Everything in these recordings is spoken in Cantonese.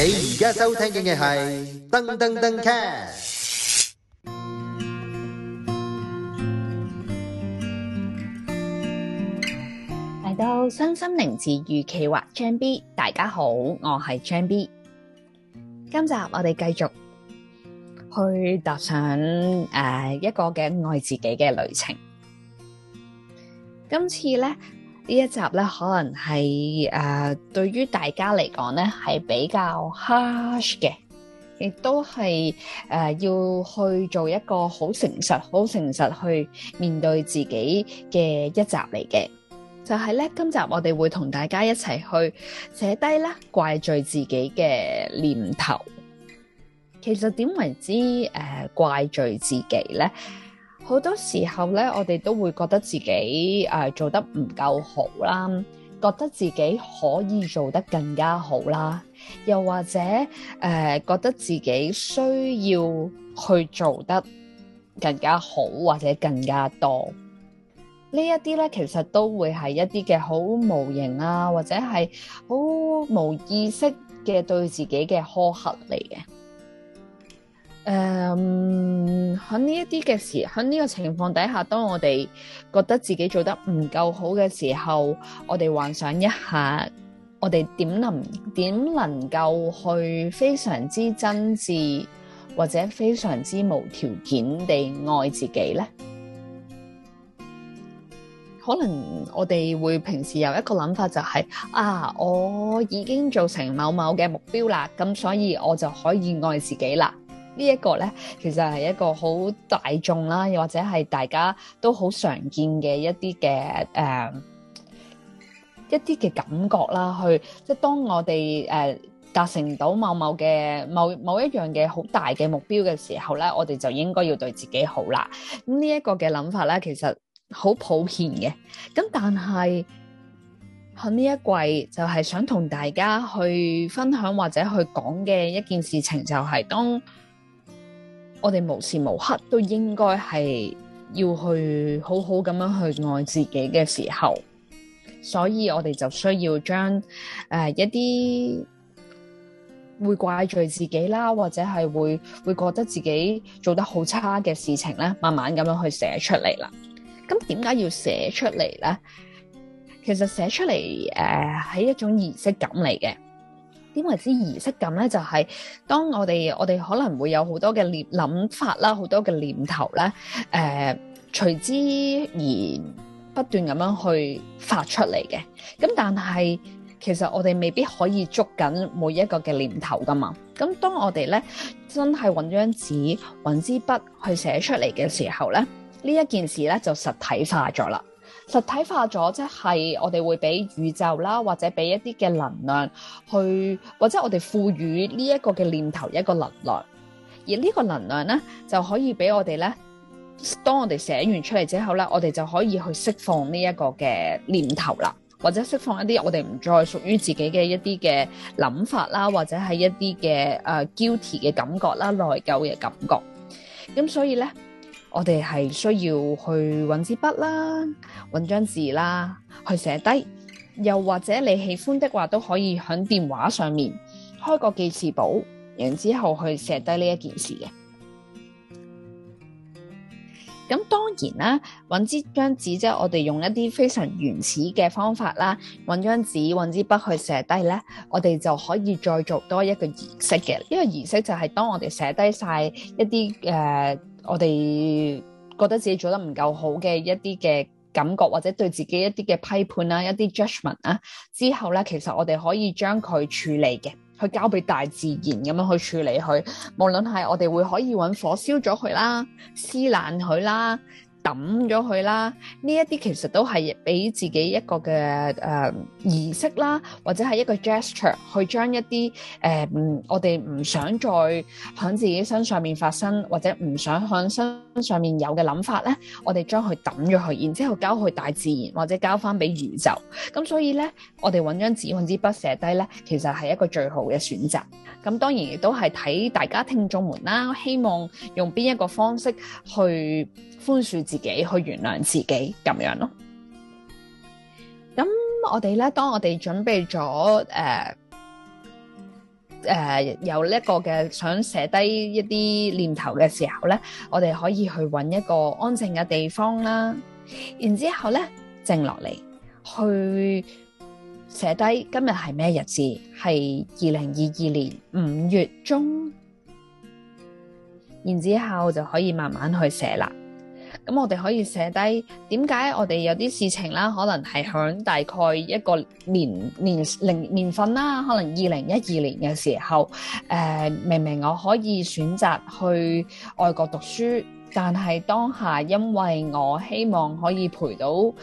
你而家收聽嘅係噔噔噔 cast，嚟到身心靈治愈企劃張 B，大家好，我係張 B。今集我哋繼續去踏上誒一個嘅愛自己嘅旅程。今次咧。呢一集咧，可能係誒、呃，對於大家嚟講咧，係比較 harsh 嘅，亦都係誒，要去做一個好誠實、好誠實去面對自己嘅一集嚟嘅。就係、是、咧，今集我哋會同大家一齊去寫低咧，怪罪自己嘅念頭。其實點為之誒、呃、怪罪自己咧？好多時候咧，我哋都會覺得自己誒、呃、做得唔夠好啦，覺得自己可以做得更加好啦，又或者誒、呃、覺得自己需要去做得更加好或者更加多，呢一啲咧，其實都會係一啲嘅好無形啊，或者係好無意識嘅對自己嘅苛刻嚟嘅。誒，喺呢一啲嘅時喺呢個情況底下，當我哋覺得自己做得唔夠好嘅時候，我哋幻想一下，我哋點能點能夠去非常之真摯或者非常之無條件地愛自己呢？可能我哋會平時有一個諗法，就係，就係啊，我已經做成某某嘅目標啦，咁所以我就可以愛自己啦。呢一個咧，其實係一個好大眾啦，又或者係大家都好常見嘅一啲嘅誒一啲嘅感覺啦。去即係當我哋誒、呃、達成到某某嘅某某一樣嘅好大嘅目標嘅時候咧，我哋就應該要對自己好啦。咁、這個、呢一個嘅諗法咧，其實好普遍嘅。咁但係喺呢一季，就係、是、想同大家去分享或者去講嘅一件事情，就係當，我哋無時無刻都應該係要去好好咁樣去愛自己嘅時候，所以我哋就需要將誒、呃、一啲會怪罪自己啦，或者係會會覺得自己做得好差嘅事情咧，慢慢咁樣去寫出嚟啦。咁點解要寫出嚟咧？其實寫出嚟誒，係、呃、一種儀式感嚟嘅。因為之儀式感咧，就係、是、當我哋我哋可能會有好多嘅念諗法啦，好多嘅念頭咧，誒、呃，隨之而不斷咁樣去發出嚟嘅。咁但係其實我哋未必可以捉緊每一個嘅念頭噶嘛。咁當我哋咧真係揾張紙、揾支筆去寫出嚟嘅時候咧，呢一件事咧就實體化咗啦。實體化咗，即係我哋會俾宇宙啦，或者俾一啲嘅能量去，或者我哋賦予呢一個嘅念頭一個能量，而呢個能量咧就可以俾我哋咧，當我哋寫完出嚟之後咧，我哋就可以去釋放呢一個嘅念頭啦，或者釋放一啲我哋唔再屬於自己嘅一啲嘅諗法啦，或者係一啲嘅誒 guilty 嘅感覺啦，內疚嘅感覺。咁所以咧。我哋係需要去揾支筆啦，揾張紙啦，去寫低。又或者你喜歡的話，都可以喺電話上面開個記事簿，然之後去寫低呢一件事嘅。咁當然啦，揾支張紙即係我哋用一啲非常原始嘅方法啦，揾張紙、揾支筆去寫低咧，我哋就可以再做多一個儀式嘅。呢個儀式就係當我哋寫低晒一啲誒。呃我哋覺得自己做得唔夠好嘅一啲嘅感覺，或者對自己一啲嘅批判啦、啊，一啲 judgment 啦，之後咧，其實我哋可以將佢處理嘅，去交俾大自然咁樣去處理佢，無論係我哋會可以揾火燒咗佢啦，撕爛佢啦。抌咗佢啦，呢一啲其實都係俾自己一個嘅誒儀式啦，或者係一個 gesture 去將一啲誒唔，我哋唔想再響自己身上面發生，或者唔想響身上面有嘅諗法咧，我哋將佢抌咗佢，然之後交去大自然，或者交翻俾宇宙。咁所以咧，我哋揾張紙揾支筆寫低咧，其實係一個最好嘅選擇，咁當然亦都係睇大家聽眾們啦，希望用邊一個方式去寬恕自己。自己去原諒自己咁樣咯。咁我哋咧，當我哋準備咗誒誒有呢一個嘅想寫低一啲念頭嘅時候咧，我哋可以去揾一個安靜嘅地方啦。然之後咧，靜落嚟，去寫低今日係咩日子？係二零二二年五月中。然之後就可以慢慢去寫啦。咁我哋可以寫低點解我哋有啲事情啦，可能係響大概一個年年零年份啦，可能二零一二年嘅時候，誒、呃、明明我可以選擇去外國讀書，但係當下因為我希望可以陪到誒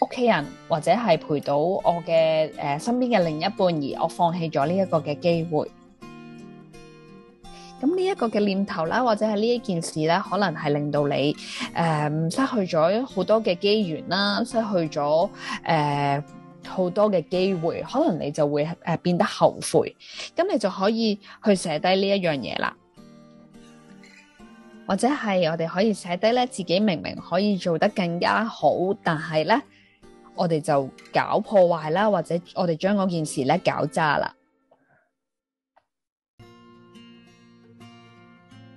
屋企人或者係陪到我嘅誒、呃、身邊嘅另一半，而我放棄咗呢一個嘅機會。咁呢一個嘅念頭啦，或者係呢一件事咧，可能係令到你誒失去咗好多嘅機緣啦，失去咗誒好多嘅機會，可能你就會誒變得後悔。咁你就可以去寫低呢一樣嘢啦，或者係我哋可以寫低咧，自己明明可以做得更加好，但係咧，我哋就搞破壞啦，或者我哋將嗰件事咧搞渣啦。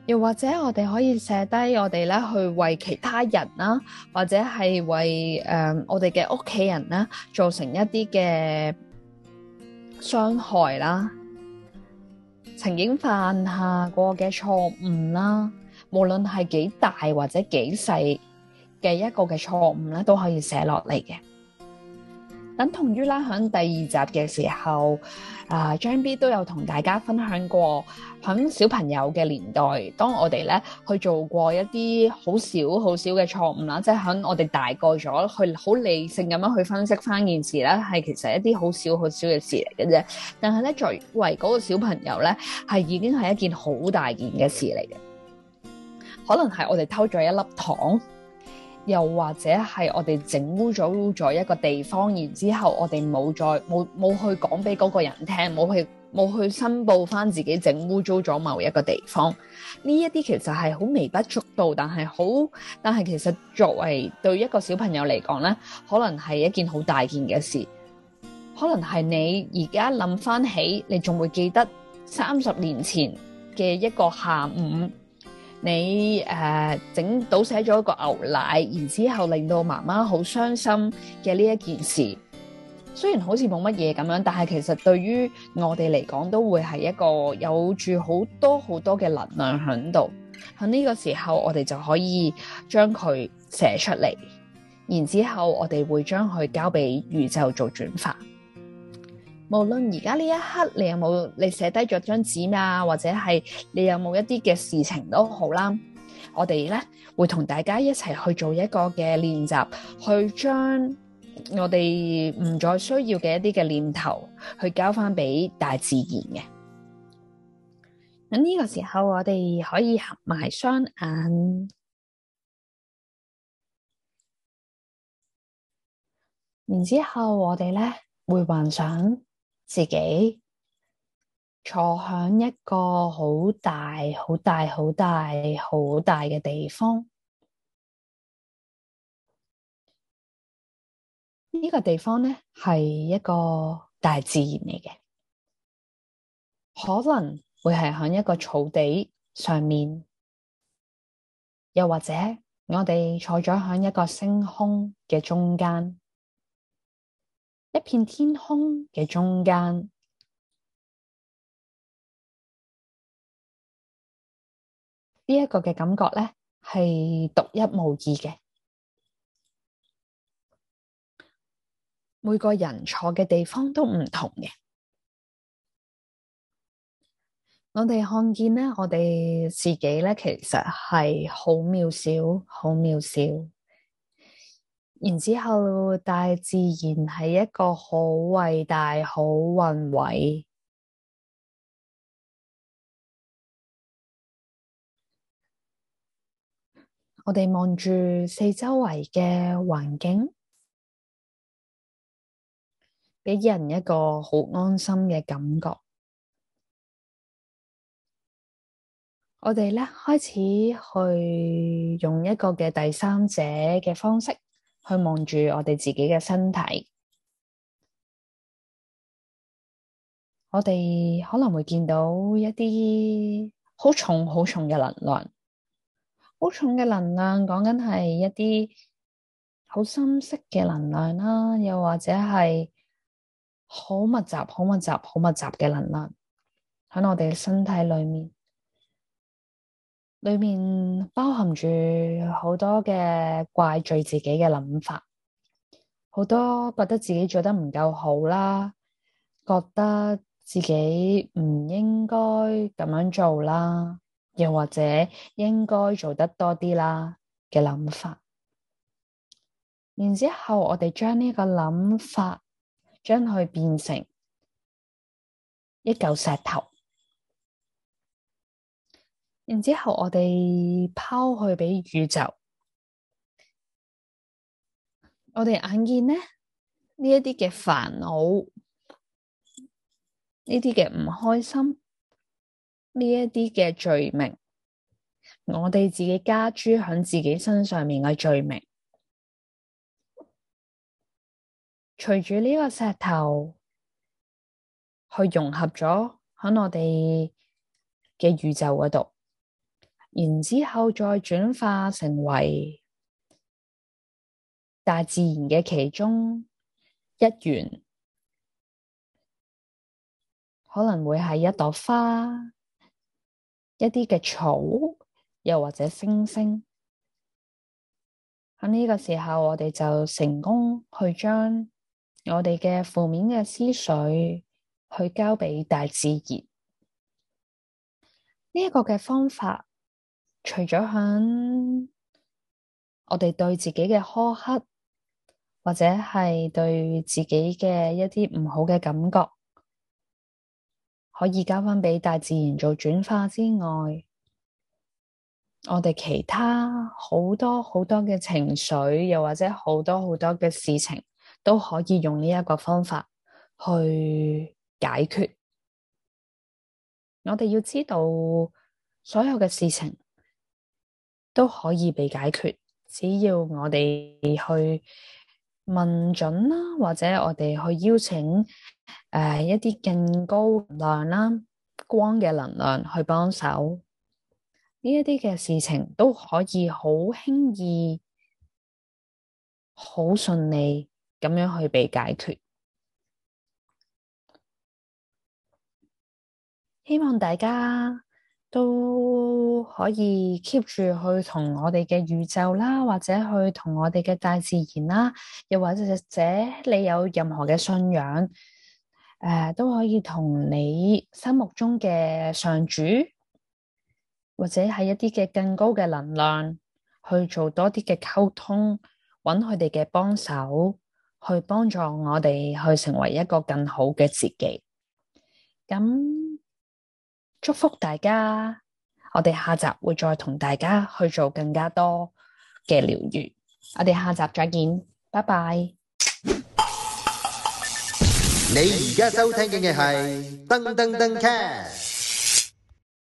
又或者我哋可以寫低我哋咧去為其他人啦，或者係為誒、呃、我哋嘅屋企人啦，造成一啲嘅傷害啦，曾經犯下過嘅錯誤啦，無論係幾大或者幾細嘅一個嘅錯誤咧，都可以寫落嚟嘅。等同於啦，喺第二集嘅時候，啊、uh, 張 B 都有同大家分享過，喺小朋友嘅年代，當我哋咧去做過一啲好少好少嘅錯誤啦，即係喺我哋大個咗去好理性咁樣去分析翻件事咧，係其實一啲好少好少嘅事嚟嘅啫。但係咧，作為嗰個小朋友咧，係已經係一件好大件嘅事嚟嘅，可能係我哋偷咗一粒糖。又或者係我哋整污糟咗一個地方，然之後我哋冇再冇冇去講俾嗰個人聽，冇去冇去申報翻自己整污糟咗某一個地方。呢一啲其實係好微不足道，但係好，但係其實作為對一個小朋友嚟講呢，可能係一件好大件嘅事。可能係你而家諗翻起，你仲會記得三十年前嘅一個下午。你誒整、uh, 倒寫咗一個牛奶，然之後令到媽媽好傷心嘅呢一件事，雖然好似冇乜嘢咁樣，但係其實對於我哋嚟講，都會係一個有住好多好多嘅能量喺度。喺呢個時候，我哋就可以將佢寫出嚟，然之後我哋會將佢交俾宇宙做轉發。無論而家呢一刻你有冇你寫低咗張紙啊，或者係你有冇一啲嘅事情都好啦，我哋咧會同大家一齊去做一個嘅練習，去將我哋唔再需要嘅一啲嘅念頭去交翻俾大自然嘅。咁呢個時候我哋可以合埋雙眼，然之後我哋咧會幻想。自己坐響一個好大、好大、好大、好大嘅地方，呢個地方咧係一個大自然嚟嘅，可能會係響一個草地上面，又或者我哋坐咗響一個星空嘅中間。一片天空嘅中間，呢、這、一個嘅感覺咧係獨一無二嘅，每個人坐嘅地方都唔同嘅。我哋看見咧，我哋自己咧，其實係好渺小，好渺小。然之後，大自然係一個好偉大、好宏偉。我哋望住四周圍嘅環境，俾人一個好安心嘅感覺。我哋呢開始去用一個嘅第三者嘅方式。去望住我哋自己嘅身體，我哋可能會見到一啲好重、好重嘅能量，好重嘅能量講緊係一啲好深色嘅能量啦，又或者係好密集、好密集、好密集嘅能量，喺我哋嘅身體裏面。裏面包含住好多嘅怪罪自己嘅諗法，好多覺得自己做得唔夠好啦，覺得自己唔應該咁樣做啦，又或者應該做得多啲啦嘅諗法。然之後我哋將呢個諗法，將佢變成一嚿石頭。然之後，我哋拋去俾宇宙，我哋眼見呢，呢一啲嘅煩惱，呢啲嘅唔開心，呢一啲嘅罪名，我哋自己加諸響自己身上面嘅罪名，隨住呢個石頭去融合咗響我哋嘅宇宙嗰度。然之後再轉化成為大自然嘅其中一員，可能會係一朵花、一啲嘅草，又或者星星。喺呢個時候，我哋就成功去將我哋嘅負面嘅思緒去交俾大自然。呢、這、一個嘅方法。除咗響我哋對自己嘅苛刻，或者係對自己嘅一啲唔好嘅感覺，可以交翻俾大自然做轉化之外，我哋其他好多好多嘅情緒，又或者好多好多嘅事情，都可以用呢一個方法去解決。我哋要知道所有嘅事情。都可以被解決，只要我哋去問准啦，或者我哋去邀請誒、呃、一啲更高能量啦，光嘅能量去幫手，呢一啲嘅事情都可以好輕易、好順利咁樣去被解決。希望大家，都可以 keep 住去同我哋嘅宇宙啦，或者去同我哋嘅大自然啦，又或者者你有任何嘅信仰，誒、呃、都可以同你心目中嘅上主，或者係一啲嘅更高嘅能量，去做多啲嘅溝通，揾佢哋嘅幫手，去幫助我哋去成為一個更好嘅自己。咁、嗯。祝福大家，我哋下集會再同大家去做更加多嘅療癒，我哋下集再見，拜拜。你而家收聽嘅係噔噔噔 c